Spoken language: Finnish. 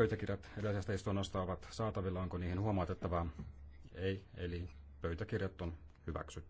Pöytäkirjat edellisestä istunnosta ovat saatavilla. Onko niihin huomautettavaa? Ei, eli pöytäkirjat on hyväksytty.